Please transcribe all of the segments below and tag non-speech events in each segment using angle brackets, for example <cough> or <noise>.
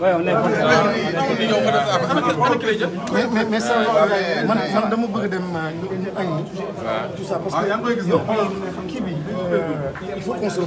oui on est mais mais mais ça man man dama bëgg dem euh, ñu ñu añ. i ça parce ah, que yow kii bi euh, il faut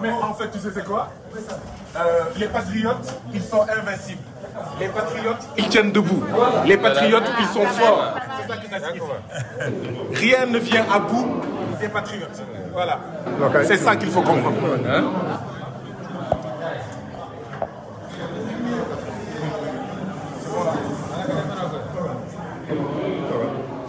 Mais en fait, tu sais c'est quoi euh, Les patriotes, ils sont invincibles. Les patriotes, ils tiennent debout. Les patriotes, ils sont forts. C'est ça Rien ne vient à bout des patriotes. Voilà. C'est ça qu'il faut comprendre. Hein?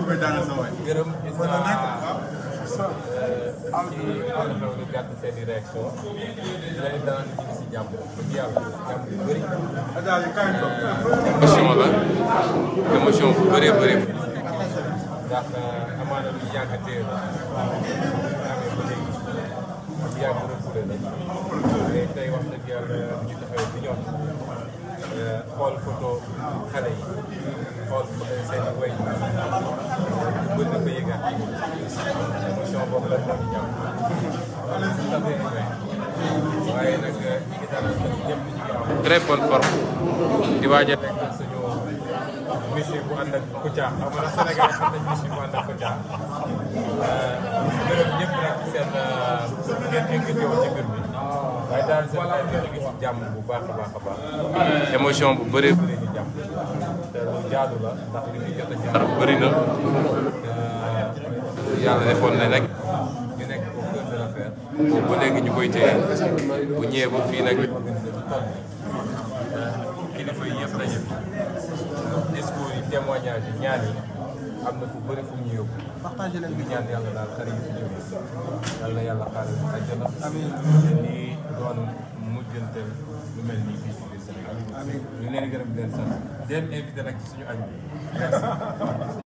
parcours bi daanaka sa waay. gërëm gis naa ci àll bi gàtt seen i réaction di leen dalal ñu ngi si jàmm di yàlla jàmm yu bëri. émission la émission bu bëree bëri. ndax amaana lu yàgg téye la. amee ba léegi lu yàgg refoulé la. mais tey wax dëgg yàlla ñu taxawee bi ñoom. xool photo xale yi xool seen i wéy bëri na waaye nag ñu ngi dalal ñëpp ci ginnaaw très bonne forme di waaj a nekk suñu musique bu ànd ak Kouthia xam bu ànd euh, euh, bu baax a bu bëree bëri ñu jàmm yàlla defoon na rek ñu nekk boobu de l'affaire boobu ba ñu koy téye bu ñëwee ba fii nag kilifa yi yëpp daje discours yi témoignage ñaan yi am na fu bëri fu ñu yóbbu ñu ñaan yàlla daal xale yi fi ñëwee yàlla yàlla xaaral lu mel nii fii ci biir Sénégal <laughs>